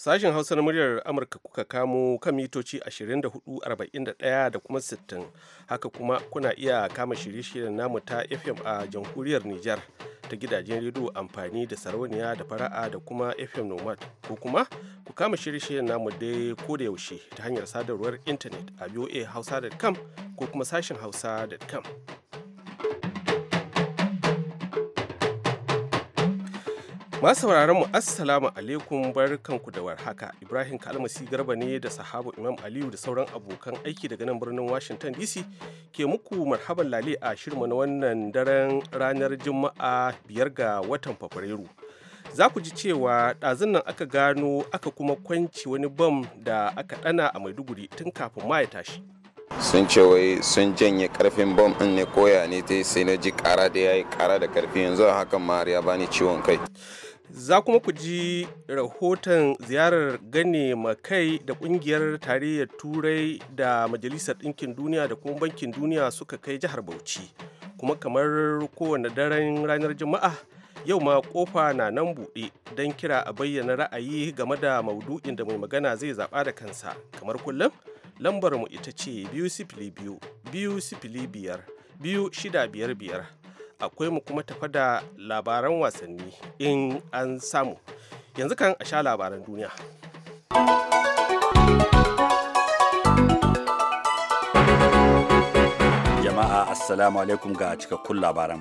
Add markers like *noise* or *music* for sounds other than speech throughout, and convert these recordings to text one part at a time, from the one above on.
Sashen Hausa na muryar Amurka kuka kamo kan mitoci 24,41 da kuma 60. Haka kuma kuna iya kama shirye-shiryen namu ta FM a jamhuriyar Nijar ta gidajen rediyo amfani da sarauniya da fara'a da kuma FM Nomad ko kuma ku kama shirye-shiryen namu dai ko da yaushe ta hanyar sadarwar intanet a voahausa.com ko kuma sashen hausa.com. Masu sauraron mu Assalamu alaikum barkanku da warhaka. Ibrahim Kalmasi Garba ne da sahabu Imam Aliyu da sauran abokan aiki daga nan birnin Washington DC ke muku marhaban lale a shirma na wannan daren ranar Juma'a biyar ga watan Fabrairu. Za ku ji cewa ɗazun nan aka gano aka kuma kwanci wani bam da aka ɗana a Maiduguri tun kafin ma ya tashi. sun ce wai sun janye karfin bom din ne koya ne ta sai na ji kara da ya yi kara da karfi yanzu hakan ma ya bani ciwon kai za kuma ku ji rahoton ziyarar gane makai da kungiyar tarayyar turai da majalisar ɗinkin duniya da kuma bankin duniya suka kai jihar bauchi kuma kamar kowane daren ranar juma'a yau ma kofa na nan buɗe don kira a bayyana ra'ayi game da maudu'in da mai magana zai zaɓa da kansa kamar kullum lambar mu ita ce biyu sifili biyu biyu sifili biyar biyu shida biyar biyar akwai mu kuma tafa da labaran wasanni in an samu yanzu kan a sha labaran duniya jama'a assalamu alaikum ga cikakkun labaran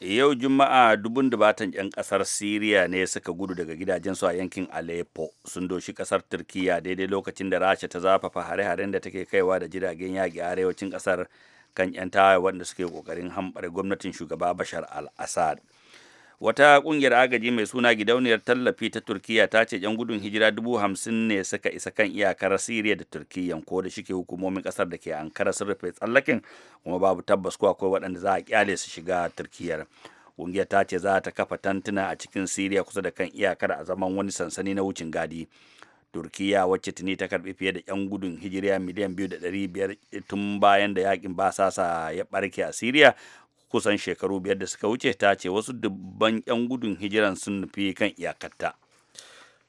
yau juma'a dubun dubatan 'yan kasar siriya ne suka gudu daga gidajensu a yankin aleppo sun doshi kasar turkiya daidai lokacin da rasha ta zafafa hare-haren da take kaiwa da jiragen yaƙi arewacin kasar kan 'yan tawaye wanda suke kokarin hambar gwamnatin shugaba bashar al-assad wata kungiyar agaji mai suna gidauniyar tallafi ta turkiya ta ce yan gudun hijira dubu hamsin ne suka isa kan iyakar siriya da turkiyya ko da shike hukumomin kasar da ke ankara sun rufe tsallakin kuma babu tabbas ko akwai waɗanda za a kyale su shiga turkiyar kungiyar ta ce za ta kafa tantuna a cikin siriya kusa da kan iyakar a zaman wani sansani na wucin gadi turkiya wacce tuni ta karbi fiye da 'yan gudun hijiriya miliyan biyar eh, tun bayan da yakin basasa ya barke a siriya kusan shekaru biyar da suka wuce ta ce wasu dubban 'yan gudun hijiran sun nufi kan iyakarta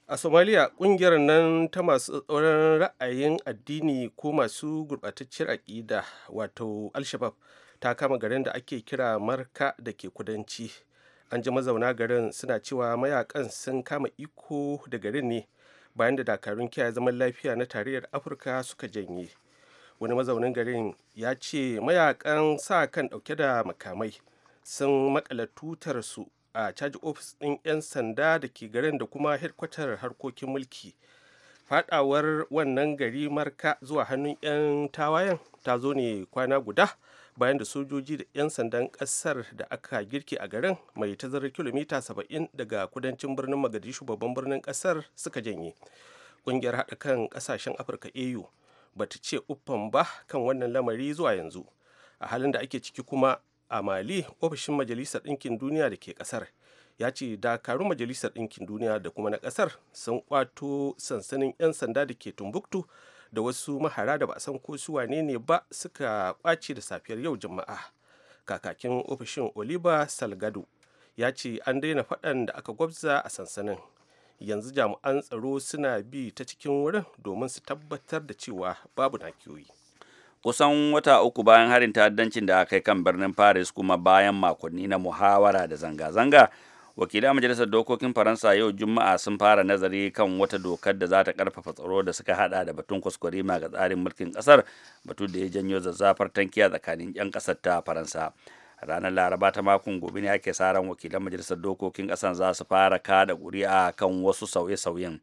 a somaliya kungiyar nan ta masu tsoron ra'ayin addini ko masu gurɓatacciyar aƙida wato alshabab ta kama garin da ake kira marka da ke kudanci an ji mazauna garin suna cewa mayakan sun kama iko da garin ne bayan da dakarun kiyaye zaman lafiya na tarayyar afirka suka janye wani mazaunin garin ya ce mayakan sa kan dauke da makamai sun makala tutar su a caji ofis ɗin 'yan sanda da ke garin da kuma headquarter harkokin mulki fadawar wannan gari marka zuwa hannun 'yan tawayen ta zo ne kwana guda bayan da sojoji da 'yan sandan kasar da aka girki a garin mai tazarar kilomita 70 daga kudancin birnin magadishu babban birnin kasar suka janye kungiyar haɗa kan ƙasashen afirka au ba ta ce uffan ba kan wannan lamari zuwa yanzu a halin da ake ciki kuma a mali ofishin majalisar ɗinkin duniya da ke ƙasar ya ce dakarun majalisar ɗinkin duniya da kuma na ƙasar sun kwato sansanin 'yan sanda da ke tumbuktu da wasu mahara da ba a san ko su wane ne ba suka kwace da safiyar yau juma'a kakakin ofishin oliba salgado ya ce an daina faɗan da aka gwabza a sansanin yanzu jami'an tsaro suna bi ta cikin wurin domin su tabbatar da cewa babu nakiyoyi kusan wata uku bayan harin ta'addancin da aka kai kan birnin paris kuma bayan makonni na muhawara da zanga-zanga wakilan majalisar dokokin faransa yau juma'a sun fara nazari kan wata dokar da za ta karfafa tsaro da suka hada da batun kwaskwarima ga tsarin mulkin kasar batu da ya janyo zazzafar tankiya tsakanin 'yan kasar ta faransa ranar laraba ta makon gobe ne ake sa ran wakilan majalisar dokokin kasan za su fara kada ƙuri'a kan wasu sauye-sauyen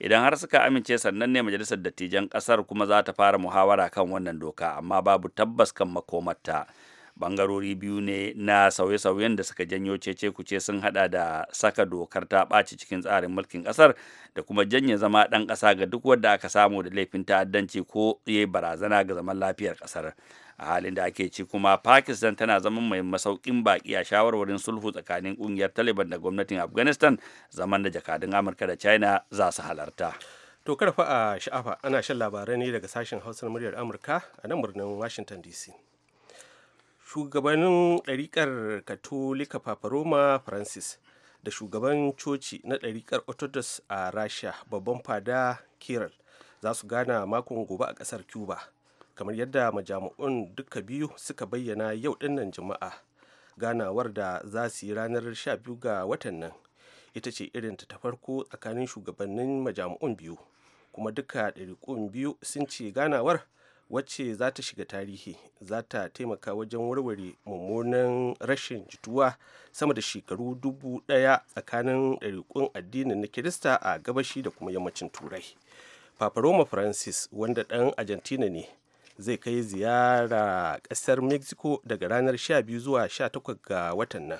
idan har suka amince sannan ne majalisar dattijan kasar kuma za ta fara muhawara kan wannan doka amma babu tabbas kan makomarta. bangarori biyu ne na sauye-sauyen da suka janyo cece kuce sun hada da saka dokar ta ɓaci cikin tsarin mulkin ƙasar da kuma janye zama ɗan ƙasa ga duk wadda aka samu da laifin ta'addanci ko ya barazana ga zaman lafiyar ƙasar a halin da ake ci kuma pakistan tana zama mai masaukin baki a shawarwarin sulhu tsakanin ƙungiyar taliban da gwamnatin afghanistan zaman da jakadun amurka da china za su halarta to karfa a sha'afa ana shan labarai ne daga sashen hausar muryar amurka a nan birnin washington dc shugabannin ɗariƙar katolika papa roma francis da shugaban coci na ɗariƙar orthodox a rasha babban fada kiral za su gana makon gobe a ƙasar cuba kamar yadda majami'un duka biyu suka bayyana yau dinnan jama'a ganawar da za su yi ranar 12 ga watan nan ita ce irin ta farko tsakanin shugabannin majami'un biyu kuma duka ɗariƙun biyu sun ce ganawar wacce za ta shiga tarihi za ta taimaka wajen warware mummunan rashin jituwa sama da shekaru dubu ɗaya tsakanin ɗariƙun addinin na kirista a gabashi da kuma yammacin turai papa roma francis wanda ɗan argentina ne zai kai ziyara ƙasar mexico daga ranar 12 zuwa 18 ga watan nan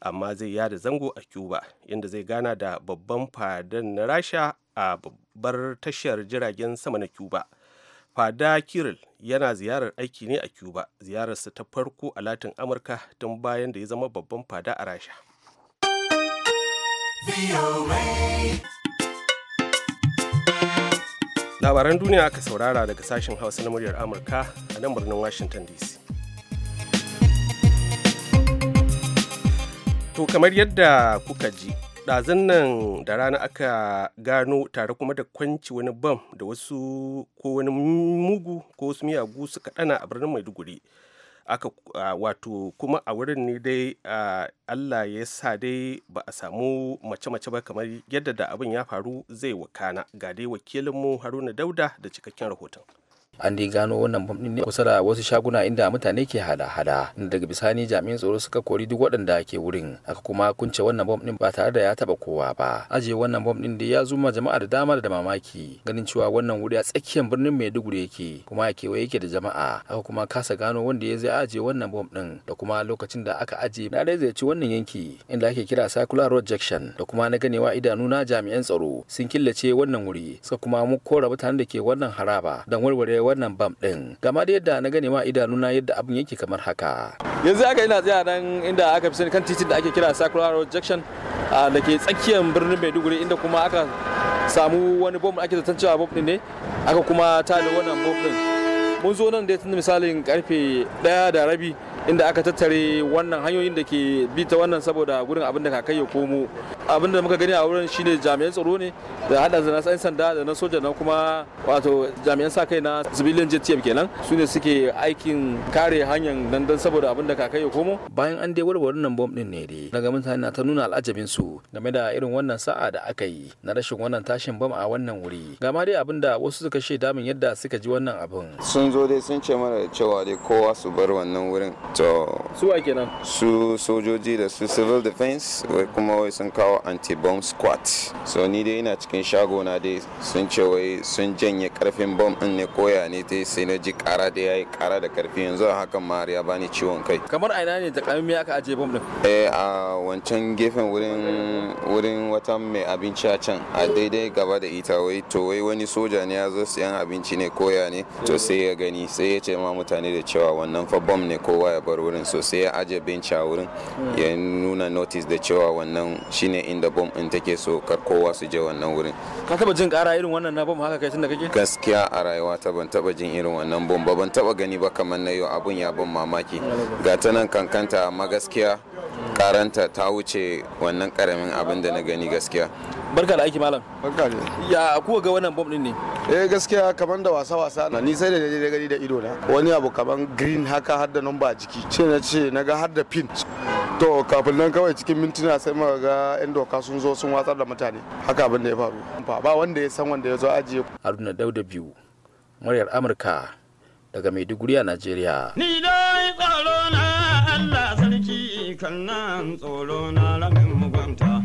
amma zai yada zango a cuba inda zai gana da babban fadan na rasha a babbar tashar jiragen sama na cuba fada Kirill yana ziyarar aiki ne a cuba ziyararsa ta farko a latin amurka tun bayan da ya zama babban fada a rasha labaran duniya aka saurara daga sashen hausa na muryar amurka a nan birnin washington dc to kamar yadda kuka ji ɗazun nan da rana aka gano tare kuma da kwanci wani bam da wasu ko wani mugu ko wasu miyagu suka ɗana a birnin maiduguri aka wato kuma a wurin ne dai allah ya sa dai ba a samu mace-mace ba kamar yadda da abin ya faru zai wakana ga dai wakilinmu haruna dauda da cikakken rahoton an dai gano wannan bom din ne kusa da wasu shaguna inda mutane ke hada-hada inda daga bisani jami'an tsaro suka kori duk waɗanda ke wurin aka kuma kunce wannan bom din ba tare da ya taba kowa ba aje wannan bom din da ya zuma jama'a da dama da mamaki ganin cewa wannan wuri a tsakiyar birnin Maiduguri yake kuma kewaye yake da jama'a aka kuma kasa gano wanda ya zai aje wannan bom din da kuma lokacin da aka aje na dai zai ci wannan yanki inda ake kira circular road junction da kuma na ganewa idanu na jami'an tsaro sun killace wannan wuri suka kuma mu kora mutanen da ke wannan haraba don warware wannan bam din kama da yadda na gane ma na yadda abin yake kamar haka yanzu aka ina tsaya nan inda aka fi sani kan titin da ake kira Sakura Road Junction da ke tsakiyar birnin Maiduguri inda kuma aka samu wani bom ake zaton cewa bom din ne aka kuma tada wannan bom din mun zo nan da tun misalin karfe daya da rabi inda aka tattare wannan hanyoyin da ke bi ta wannan saboda gurin abin da kakai ya komo abin da muka gani a wurin shine jami'an tsaro ne da hada da na sanda da na soja na kuma wato jami'an sa kai na civilian JTF kenan su ne suke aikin kare hanyar nan dan saboda abin da kakai ya komo bayan an dai warware nan bom din ne dai daga mutane na ta nuna al'ajabin su game da irin wannan sa'a da aka yi na rashin wannan tashin bom a wannan wuri ga ma dai abin da wasu suka shaida min yadda suka ji wannan abin sun zo dai sun ce mana cewa dai kowa su bar wannan wurin to su wa kenan su sojoji da su civil defense wai kuma wai sun kawo anti-bomb squad so ni dai ina cikin shago na dai sun ce wai sun janye karfin bomb din ne koya ne dai sai na ji kara da yayi kara da karfi yanzu hakan ma ya bani ciwon kai kamar a ina ne ta kamimi aka aje bomb din eh a wancan gefen wurin wurin wata mai abinci a can a daidai gaba da ita wai to wai wani soja ne ya zo siyan abinci ne koya ne to sai ya gani sai ya ce ma mutane da cewa wannan fa bom ne kowa ya bar wurin so sai ya aje benci a wurin ya nuna notice da cewa wannan shine inda bom in take so kar kowa su je wannan wurin ka taba jin kara irin wannan na bom haka kai tunda kake gaskiya a rayuwa ta ban taba jin irin wannan bom ba ban taba gani ba kamar na yau abun ya ban mamaki ga ta nan kankanta amma gaskiya karanta ta wuce wannan karamin abin da na gani gaskiya barka da aiki malam barka ne ya kuwa ga wannan bomb din ne eh gaskiya kamar da wasa wasa na ni sai da je gani da ido na wani abu kamar green haka har da number a jiki ce na ce na ga har da pin to kafin nan kawai cikin mintuna sai muka ga yan doka sun zo sun watsar da mutane haka abin da ya faru ba wanda ya san wanda ya zo ajiye haruna dauda biyu muryar amurka daga maiduguri a najeriya ni dai tsaro na allah sarki kan tsoro na lamin fahimta.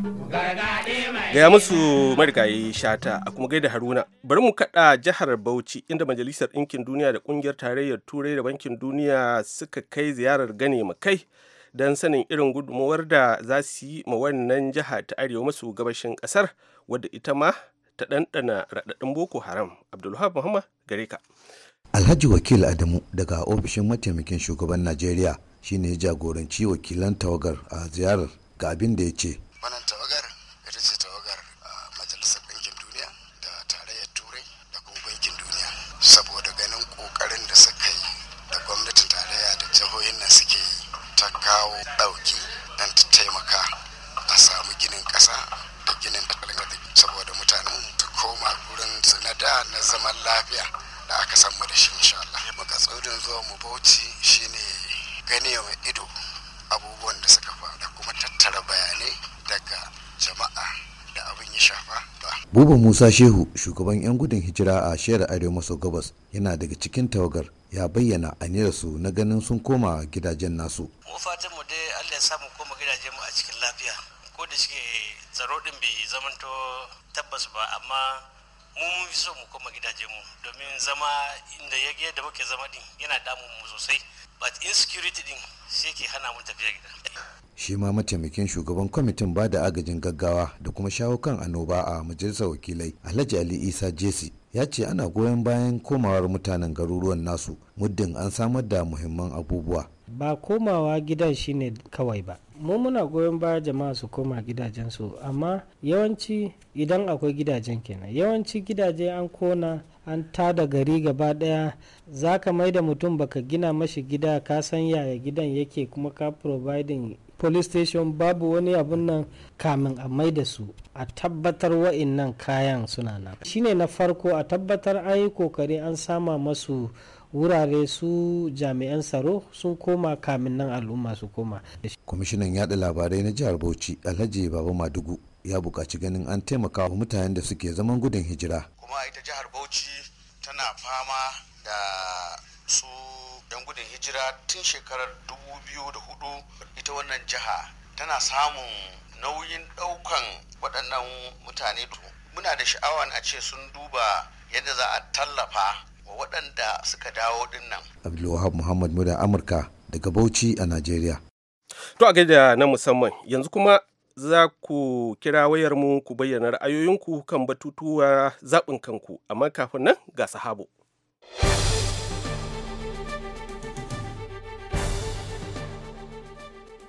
Gaya musu marigayi shata a kuma gaida Haruna. Bari mu kaɗa jihar Bauchi inda Majalisar Ɗinkin Duniya da Ƙungiyar Tarayyar Turai da Bankin Duniya suka kai ziyarar gane kai don sanin irin gudunmawar da za su yi ma wannan jiha ta arewa masu gabashin ƙasar wadda ita ma ta ɗanɗana raɗaɗin Boko Haram. Abdulhab Muhammad gare ka. Alhaji Wakil Adamu daga ofishin mataimakin shugaban Najeriya shine ya jagoranci wakilan tawagar a ziyarar ga abin da ya ce wannan tawagar ita ce tawagar a majalisar ɗinkin duniya da tarayyar turai da kuma bankin duniya saboda ganin ƙoƙarin da suka yi da gwamnatin tarayya da jihohin nan suke yi ta kawo ɗauki don ta taimaka a samu ginin ƙasa da ginin tattalin saboda mutanen ta koma gurin sinada na zaman lafiya da aka san mu da shi insha Allah. tsodin zuwa mu Bauchi shine Buba Musa Shehu, shugaban 'yan gudun hijira a shehar Arewa maso gabas, yana daga cikin tawagar ya bayyana aniyarsu na ganin sun koma gidajen nasu. Mu fatan mu dai Allah ya samu koma gidajen mu a cikin lafiya. Ko da shike tsaro din bai zamanto tabbas ba amma mu mun fi so mu koma gidajen mu domin zama inda ya da muke zama din yana damun mu sosai. But insecurity din sai ke hana mu tafiya gida. shi ma mataimakin shugaban kwamitin ba da agajin gaggawa da kuma shawo kan annoba a majalisar wakilai alhaji ali isa jesi ya ce ana goyon bayan komawar mutanen garuruwan nasu muddin an samar da muhimman abubuwa ba komawa gidan shine kawai ba mu muna goyon baya jama'a su koma gidajensu amma yawanci idan akwai gidajen kenan yawanci gidaje an kona an ta da gari gaba daya za ka mai da mutum baka gina mashi gida ka sanya yaya gidan yake kuma ka providing police station babu wani abun nan kamin a mai da su a tabbatar wa'innan kayan suna nan shine na farko a tabbatar an yi kokari an sama masu wurare su jami'an tsaro sun koma kamin nan al'umma su koma kwamishinan yada labarai na jihar bauchi alhaji baba madugu ya buƙaci ganin an taimaka wa mutanen da suke zaman gudun hijira kuma ita jihar bauchi tana fama da su 'yan gudun hijira tun shekarar 2004 ita wannan jiha tana samun nauyin ɗaukan waɗannan mutane muna da sha'awa a ce sun duba yadda za a tallafa wa waɗanda suka dawo dinnan. Abdulwahab Muhammad Muda Amurka daga Bauchi a Najeriya. To a gaida na musamman yanzu kuma za ku kira wayarmu ku bayyana ra'ayoyinku kan batutuwa zaɓin kanku amma kafin nan ga sahabu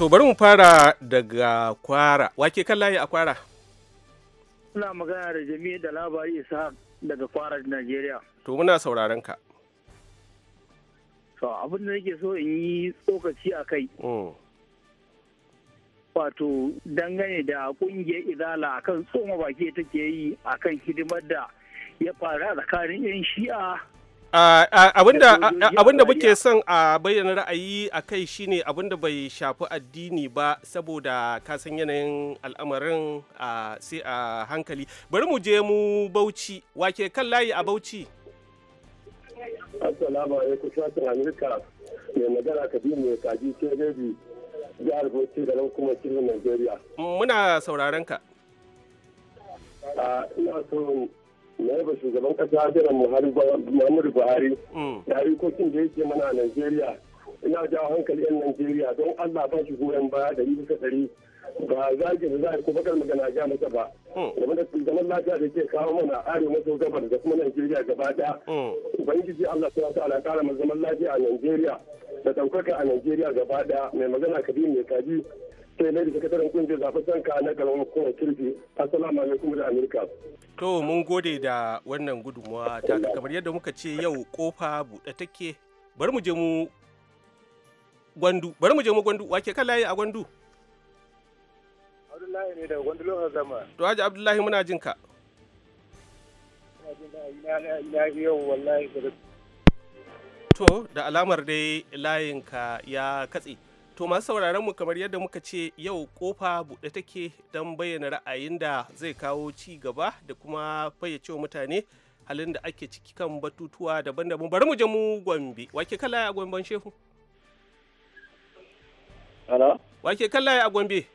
To bari mu fara daga kwara. Wake kan layi a kwara? Ina magana da jami'i da labari Isa daga kwara Najeriya. To muna sauraron ka. abin da nake so in yi tsokaci a kai. Mm. Wato dangane da kungiyar izala akan tsoma baki take yi akan hidimar da ya faru a tsakanin 'yan shi'a abinda muke son a bayyana ra'ayi a kai shine abinda bai shafi addini ba saboda kasan yanayin al'amarin sai a hankali bari mu je mu bauchi wake kan layi a bauchi assalamu alaikum shafin amurka mai magana biyu mai kaji ke rebi jihar bauchi da kuma cikin nigeria. muna sauraron ka ina so naiba shugaban kasa jiran muhammadu buhari da mm. harkokin da yake mana a najeriya ina jawo hankali 'yan najeriya don allah ba shi goyon baya da bisa dari ba zagi da za a ko bakar magana ga masa ba mm. game da zaman lafiya da ke kawo mana arewa maso gabar da kuma najeriya gaba daya mm. ubangiji allah ta wata alakara zaman lafiya a najeriya da ɗaukaka a najeriya gaba daya mai magana kabi mai kaji sai na da sakataren kungiyar san ka na gaban hukumar kirji assalamu alaikum da amurka to mun gode da wannan gudunmawa ta kamar yadda muka ce yau kofa buɗe take bari mu je mu gwandu bari mu je mu gwandu wake kan layi a gwandu abdullahi ne da gwandu lokacin zama to haji abdullahi muna jin ka to da alamar dai layinka ya katse To masu sauraron mu kamar yadda muka ce yau kofa buɗe take don bayyana ra'ayin da zai kawo ci gaba da kuma fayyace mutane halin da ake ciki kan batutuwa daban-daban. Bari mu je mu Gombe. Wake kalla a Gomben Shehu? Hello? Wake kalla a Gombe?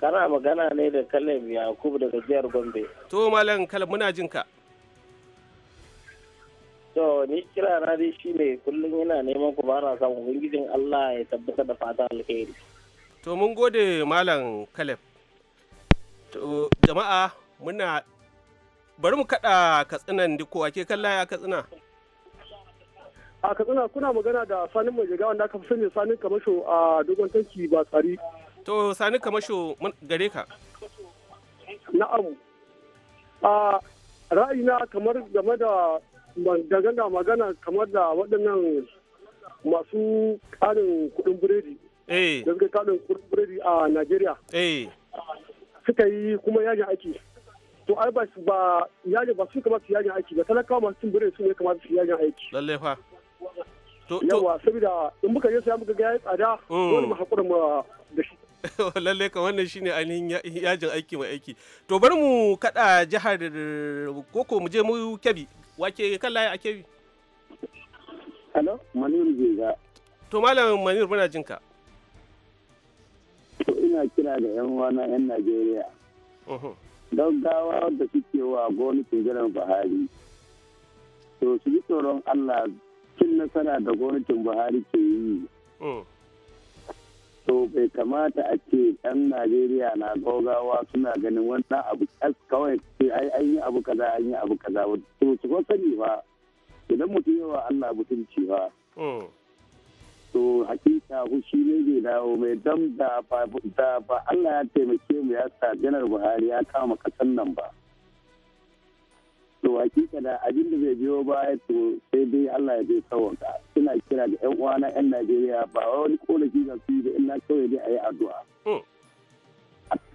Kana magana ne da Kalem Yakubu daga jihar Gombe. To Malam Kalem muna jin ka. So ni kira na dai shi ne kullum yana neman ku bara samun ubangijin Allah ya tabbata da fata alheri. To mun gode Malam Caleb. To jama'a muna bari mu kaɗa katsinan duk kowa ke kallon ya katsina. A katsina kuna magana da sanin mai jiga wanda aka sanya sani sanin kamasho a dogon tanki ba tsari. To sanin kamasho gare ka. Na'am. A ra'ayina kamar game da dangana magana kamar da waɗannan masu ƙarin kuɗin biredi. Eh. Da suka ƙarin kuɗin biredi a Najeriya. Eh. Suka yi kuma yajin aiki. To ai ba yajin ba su kamar su yajin aiki ba talakawa masu cin biredi su ne kamar su yajin aiki. Lalle fa. To, yawa saboda in muka je sai muka ga ya tsada mm. dole mu haƙura da shi *laughs* lallai kan wannan shine ainihin yajin aiki mai aiki to bari mu kada jihar koko mu je mu kebi wake kan layi a kebi hello manir jega to malam manir muna jinka to ina kira da yan wana yan najeriya gawa da suke wa gonakin jiran buhari to su ji tsoron allah cin nasara da gonakin buhari ke yi mm. to bai kamata a ce ɗan najeriya na gogawa suna ganin wannan abu kawai sai ai an yi abu kaza an yi abu kaza to su ko sani ba idan mutum yawa allah mutunci ba hmm. to hakika shi ne zai dawo mai dam da ba allah ya taimake mu ya sa janar buhari ya kama kasan nan ba to hakika da abin da zai biyo baya to sai dai Allah ya zai tsawaka suna kira da yan uwana yan Najeriya ba wani korafi ga su da ina kawai dai a yi addu'a hmm.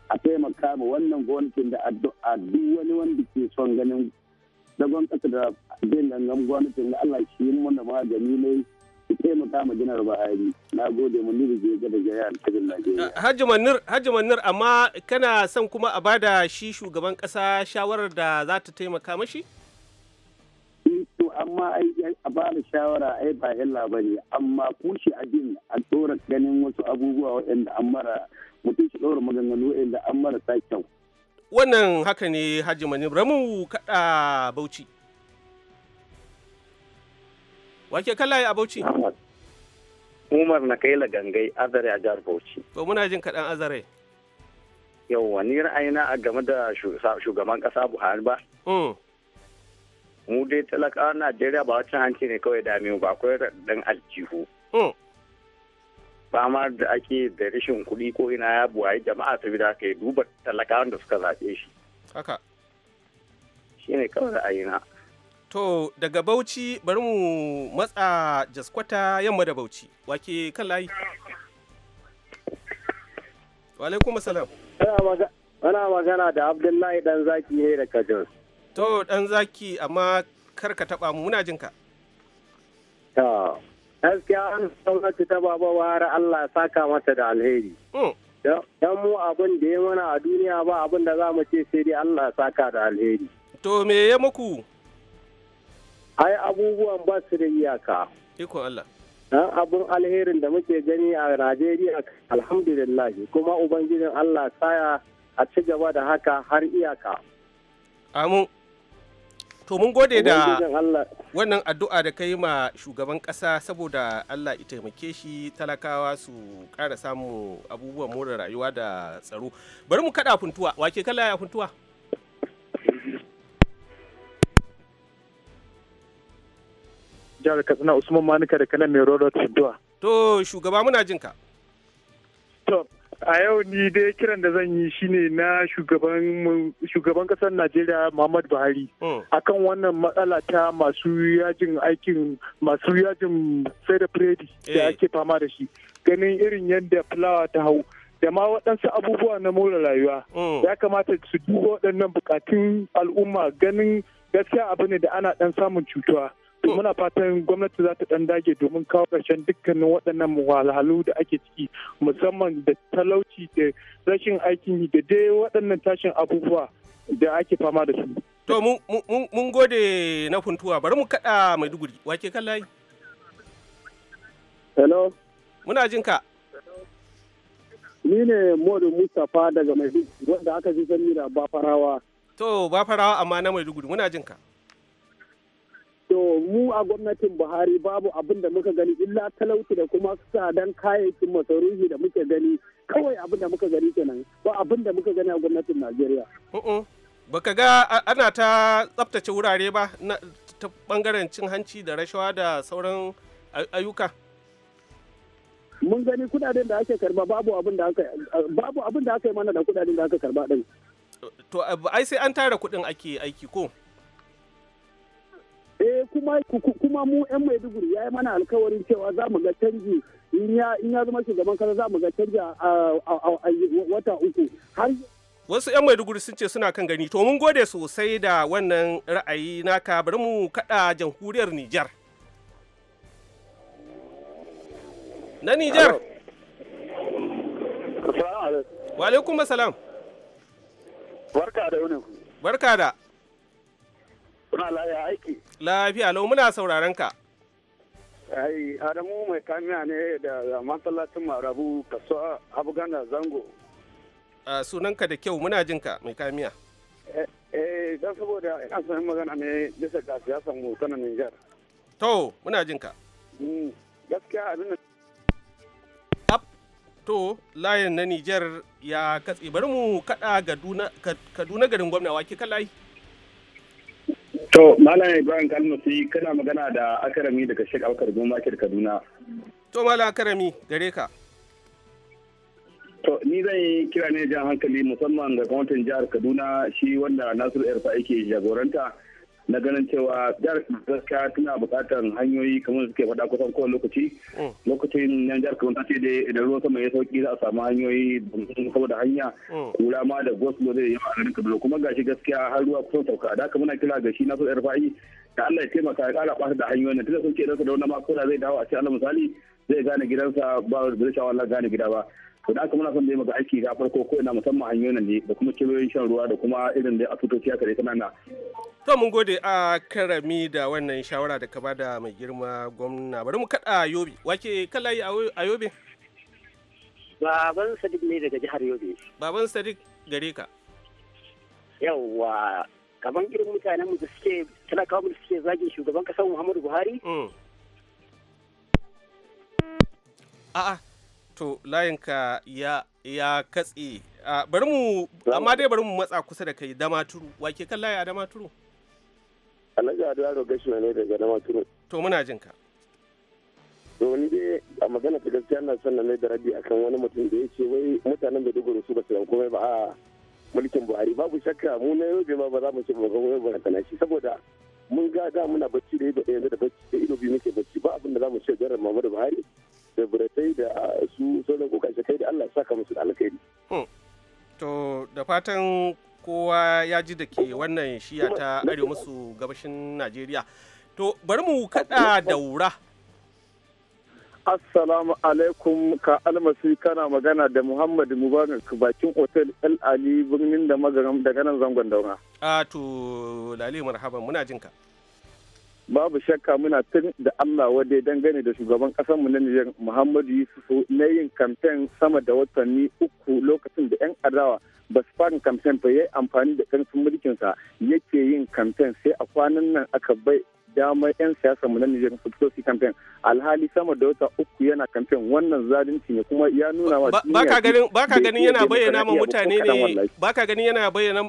a taimaka ma wannan gwamnatin da addu'a duk wani wanda ke son ganin dagon kasa da bin nan gwamnatin da Allah shi yi mana magani ne taimaka ma janar Buhari. Na gode je da Najeriya. Ah, Hajji Manir, Hajji amma kana son kuma a bada shi shugaban kasa shawarar da za ta taimaka mashi? Eh, to amma ai a bada shawara ai ba illa bane amma kushe abin a tsora ganin wasu abubuwa waɗanda an mara mutum shi ɗora maganganu waɗanda an mara marasa kyau. Wannan haka ne Hajji Manir, ramu kaɗa Bauchi. Wake kallaye a Bauchi? Umar na kai gangai azare a jihar Bauchi. To muna jin kaɗan azare. yau wani ra'ayina a game da shugaban kasa Buhari ba. Hmm. Mu dai talakawa Najeriya ba wacin hanci ne kawai dame ba akwai dan aljihu. Fama hmm. da ake da rashin kuɗi ko ina ya buwaye jama'a saboda haka ya duba talakawan da suka zaɓe shi. Haka. Shi ne kawai ra'ayina. To daga Bauchi bari mu matsa jaskwata yamma da Bauchi. Wake kan layi. Wa alaikum salam. Ana magana da Abdullahi dan zaki ne da Kajos. To dan zaki amma kar ka taba mu muna jinka. To gaskiya an gwamnati ta baba wara Allah saka mata da alheri. Hmm. Dan mu abin da ya mana a duniya ba abin da za mu ce sai dai Allah saka da alheri. To me ya muku? ai abubuwan ba su da iyaka iko Allah dan abun alherin da muke gani a Najeriya alhamdulillah kuma ubangijin Allah saya a ci gaba da haka har iyaka amu to mun gode da wannan addu'a da ka yi ma shugaban ƙasa saboda Allah ya taimake shi talakawa su ƙara samun abubuwan more rayuwa da tsaro bari mu kaɗa funtuwa wake kala ya funtuwa jihar katsina usman manuka da kanan mai rodo tudduwa to shugaba muna jin ka to a yau ni dai kiran da zan yi shine na shugaban kasar najeriya muhammad buhari hmm. akan wannan matsala ta masu yajin aikin masu yajin sai da da eh. ake fama da shi ganin irin yadda fulawa ta hau da ma waɗansu abubuwa na more rayuwa hmm. ya kamata su duba waɗannan bukatun al'umma ganin gaskiya abu ne da ana ɗan samun cutuwa muna fatan gwamnati za ta dan dage domin kawo ƙarshen dukkanin waɗannan wahalhalu da ake ciki musamman da talauci da rashin aikin yi da dai waɗannan tashin abubuwa da ake fama da su. To mun gode na funtuwa bari mu kaɗa Maiduguri wake kan layi. Hello. Muna jin ka. Ni ne Modu Mustapha daga Maiduguri wanda aka ji sani da Bafarawa. To Bafarawa amma na Maiduguri muna jin ka. To mu a gwamnatin Buhari babu abin da muka gani illa talauci da kuma sadan kayayyakin masarufi da muke gani kawai abin da muka gani kenan ba abin da muka gani a gwamnatin Najeriya. Oh, oh. Baka ga ana ta tsaftace wurare ba ta bangaren cin hanci da rashawa da sauran ayyuka? Mun gani kudaden da ake karba babu abin da aka babu abin da aka yi mana da kudaden da aka karba din. To ai sai an tara kudin ake aiki ko? kuma kuma mu yan Maiduguri ya yi mana alkawarin cewa za mu ga canji in ya zama shugaban kasa za mu ga canji a wata uku har wasu 'yan maiduguri sun ce suna kan gani to mun gode sosai da wannan ra'ayi naka bari mu kada jamhuriyar Nijar. na Nijar. wa alaikum salam barka da yau barka da kuna laya aiki Lafiya lau muna sauraron ka. Ai, Adamu mai kamiya ne da masallacin marabu kaso Abgana Zango. Uh, sunanka da kyau muna jinka mai kamiya. Eh, eh, don saboda ina son magana ne bisa ga siyasan mu ta Niger. To, muna jinka. Mm, gaskiya abin da to layin na Nijar ya katse bari mu kada Kaduna garin gwamna wa kan layi. To, Malam Ibrahim Kalmasi kana magana da Akarami daga Sheikh aukar Goma Market Kaduna. To, Malam Akarami, gare ka. To, ni zan yi kira ne jan hankali musamman ga gwamnatin jihar Kaduna shi wanda Nasiru Erfa yake jagoranta. na ganin cewa jihar gaskiya tana bukatar hanyoyi kamar suke faɗa kusan kowane lokaci hmm. lokacin nan jihar kamar ta ce da idan ruwan sama ya sauki za a samu hanyoyi saboda hanya hmm. kura ma da goslo zai yi a garin kaduna kuma gashi gaskiya har ruwa kusan sauka da haka muna kira gashi na so yar fa'i da Allah ya taimaka ya kara kwasa da hanyoyin nan tunda sun ce da su da wani ma da zai dawo a ce Allah misali zai gane gidansa ba zai sha wannan gane gida ba to da aka muna son da maka aiki ga farko ko ina musamman hanyoyin ne da kuma kibiyoyin shan ruwa da kuma irin da asutoci haka dai kanana to mun gode a karami da wannan shawara da ka bada mai girma gwamna bari mu kada yobe wake yi a yobe baban sadiq ne daga jihar yobe baban sadiq gare ka yawwa kaman irin mutanen mu da suke talakawa mu suke zagin shugaban kasar muhammadu buhari mm. a'a to layinka ya ya katse bari mu amma dai bari mu matsa kusa da kai damaturu wake kan layi a damaturu alhaji adu yaro gashina ne daga damaturu to muna jin ka to ni dai a magana ta gaskiya na son na da rabi akan wani mutum da ya ce wai mutanen da dogoro su ba su komai ba a mulkin buhari babu shakka mu na yobe ma ba za mu ce ba komai ba kana shi saboda mun ga da muna bacci da ido yanzu da bacci da ido biyu muke bacci ba abin da za mu ce jarar mamadu buhari da buratai da su sauran kokashe kai da Allah saka musu da alkhairi. Hmm. To da fatan kowa ya ji da ke wannan shiya ta arewa musu gabashin Najeriya. To bari mu kaɗa daura. Assalamu alaikum ka almasi kana magana da muhammadu Mubarak bakin otel El Ali birnin da magaram daga nan zangon daura. A ah, to lale marhaban muna jinka. babu shakka muna tun da Allah wadai dangane da shugaban mu na Nijar Muhammadu Yusufu na yin kamfen sama da watanni uku lokacin da 'yan adawa ba su fara kamfen ba ya amfani da ƙarfin mulkinsa yake yin kamfen sai a kwanan nan aka bai damar 'yan siyasa mu na Nijar su fito su kamfen alhali sama da wata uku yana kamfen wannan zalunci ne kuma ya nuna wa baka ganin baka ganin yana bayyana mu mutane ne baka ganin yana bayyana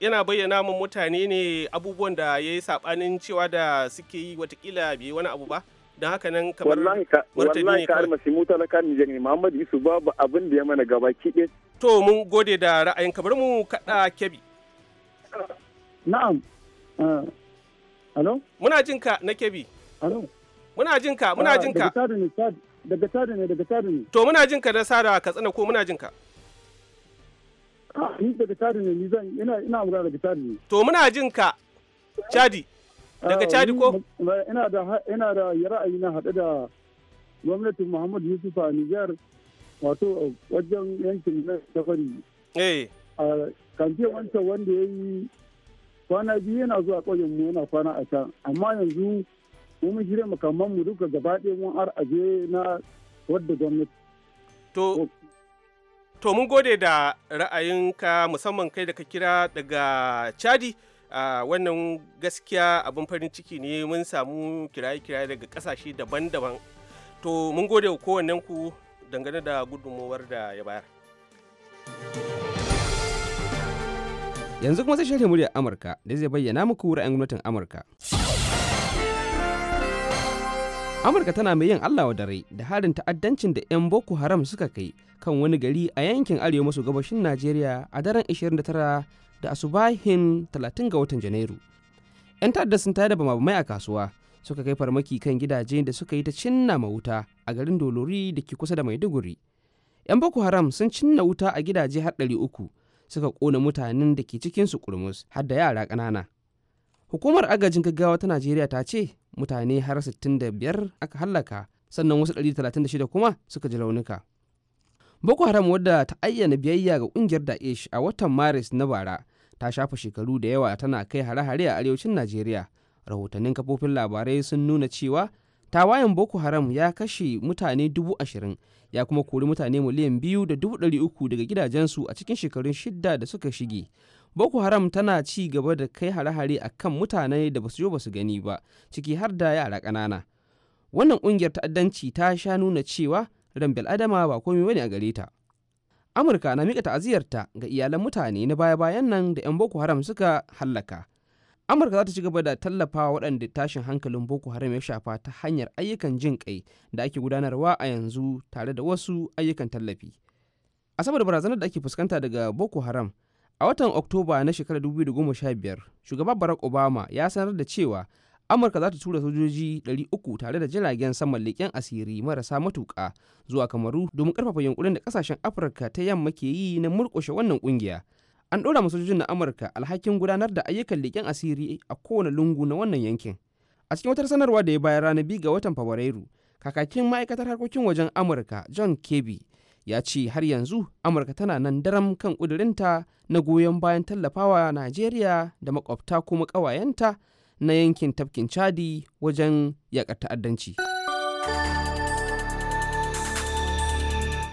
yana bayyana mu mutane ne abubuwan da yayi sabanin cewa da suke yi watakila bai wani abu ba don haka nan kamar wallahi ka wallahi ka almasi mu talaka Nijar ne Muhammad Yusuf babu abin da ya mana gabaki ɗaya to mun gode da ra'ayin kamar mu kaɗa kebi na'am ah. Alo? Muna jin ka na kebi. Alo? Muna jin ka, muna ah, jin ka. Daga ne, daga ne, daga tare ne. To muna jin ka da sada ka tsana ko muna jin ka? Ah, ni daga tare ne, ni zan ina ina magana daga tare ne. To muna jin ka. Chadi. Daga ah, Chadi ko? Ina da ina da ra'ayi na haɗe da gwamnatin Muhammad Yusuf a Nijar wato wajen yankin na safari. Eh. Kamfe wancan wanda ya yi kwana biyu yana zuwa ƙauyen mu yana kwana a can amma yanzu mu mun shirya makaman mu duka gaba ɗaya mun har aje na wadda gwamnati. To mun gode da ka musamman kai da ka kira daga Chadi. Uh, wannan gaskiya abin farin ciki ne mun samu kiraye-kiraye daga kasashe daban-daban to mun gode wa kowannen ku dangane da gudunmowar da ya bayar. Yanzu kuma sai shirin muryar Amurka da zai bayyana muku ra'ayin gwamnatin Amurka. Amurka tana mai yin Allah dare da harin ta'addancin da 'yan Boko Haram suka kai kan wani gari a yankin arewa maso gabashin Najeriya a daren 29 da asubahin 30 ga watan Janairu. 'Yan ta'adda sun tayar da mai a kasuwa suka kai farmaki kan gidaje da suka yi ta cinna ma wuta a garin Dolori da ke kusa da Maiduguri. 'Yan Boko Haram sun cinna wuta a gidaje har ɗari uku suka ƙona mutanen da ke cikinsu kurmus har da yara ƙanana hukumar agajin gaggawa ta najeriya ta ce mutane har 65 aka hallaka sannan wasu 136 kuma suka ji launuka boko haram wadda ta ayyana biyayya ga ƙungiyar daesh a watan maris na bara ta shafa shekaru da yawa tana kai hare-hare a arewacin najeriya rahotannin kafofin labarai sun nuna cewa tawayen boko haram ya kashe mutane dubu ashirin ya kuma kori mutane miliyan biyu da dubu ɗari uku daga gidajensu a cikin shekarun shidda da suka shige boko haram tana ci gaba da kai hare-hare a kan mutane da basu yo basu gani ba ciki har da yara ƙanana wannan ƙungiyar ta'addanci ta sha nuna cewa ran adama ba komai bane a gare ta amurka na miƙa ta'aziyarta ga iyalan mutane na baya-bayan nan da 'yan boko haram suka hallaka amurka za ta ci gaba da tallafa waɗanda tashin hankalin boko haram ya shafa ta hanyar ayyukan jin kai da ake gudanarwa a yanzu tare da wasu ayyukan tallafi a saboda barazanar da ake fuskanta daga boko haram a watan oktoba na shekarar 2015 shugaba barack obama ya sanar da cewa amurka za ta tura sojoji 300 tare da jiragen saman leƙen asiri marasa matuƙa zuwa kamaru domin ƙarfafa yunkurin da ƙasashen afirka ta yamma ke yi na murƙushe wannan ƙungiya an ɗora masojojin na amurka alhakin gudanar da ayyukan leƙen asiri a kowane lungu na wannan yankin a cikin wata sanarwa da ya bayar ranar biyu ga watan fabrairu kakakin ma'aikatar harkokin wajen amurka john kebi ya ce har yanzu amurka tana nan daram kan ƙudurinta na goyon bayan tallafawa najeriya da makwabta kuma ƙawayenta na yankin tafkin chadi wajen yaƙar ta'addanci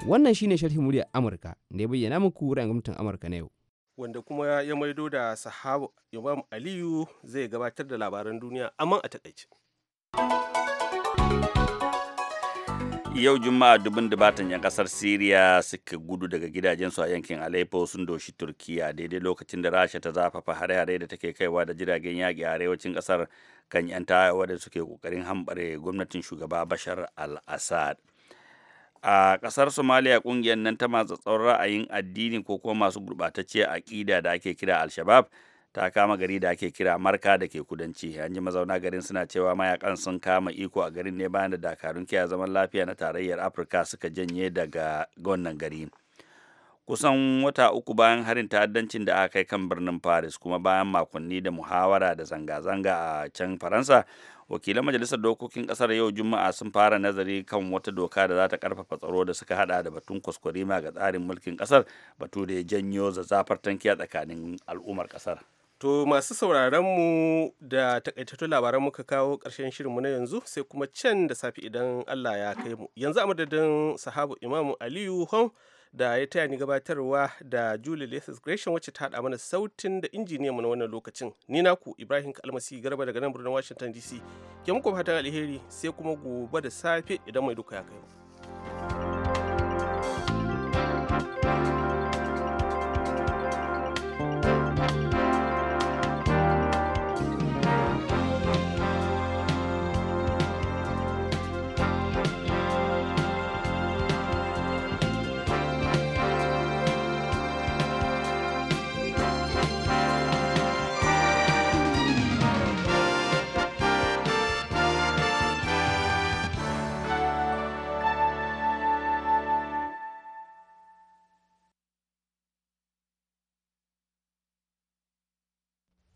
wannan shine sharhi murya amurka da ya bayyana muku ra'ayin gwamnatin amurka na yau wanda kuma ya maido da sahabu imam aliyu zai gabatar da labaran duniya amma a takaice yau juma'a dubin dubatan yan kasar siriya suka gudu daga gidajensu a yankin aleppo sun doshi turkiya daidai lokacin da rasha ta zafafa hare-hare da take kaiwa da jiragen yaƙi a arewacin kasar kan yan tawaye da suke ƙoƙarin hambare gwamnatin shugaba bashar al-assad a kasar somalia kungiyar nan ta masu ra'ayin addini ko kuma masu a aƙida da ake kira alshabab ta kama gari da ake kira marka da ke kudanci an ji mazauna garin suna cewa mayakan sun kama iko a garin ne bayan da dakarun kiyaye zaman lafiya na tarayyar afirka suka janye daga wannan gari. kusan wata uku bayan harin ta'addancin da aka kai kan birnin paris kuma bayan makonni da muhawara da zanga-zanga a can faransa wakilan majalisar dokokin kasar yau juma'a sun fara nazari kan wata doka da za ta karfafa tsaro da suka hada da batun kwaskwarima ga tsarin mulkin kasar batu da ya janyo zazzafar a tsakanin al'ummar kasar To masu sauraron mu da takaitattun labaran muka kawo ƙarshen shirinmu na yanzu sai kuma can da safi idan Allah ya kai mu. Yanzu a madadin sahabu Imamu Aliyu Hon da ya taya ni gabatarwa da Julie Lathis Gresham wacce ta haɗa mana sautin da injiniya mu na wannan lokacin. Ni naku Ibrahim Kalmasi Garba daga nan birnin Washington DC. Ke muku fatan alheri sai kuma gobe da safe idan mai duka ya kai mu.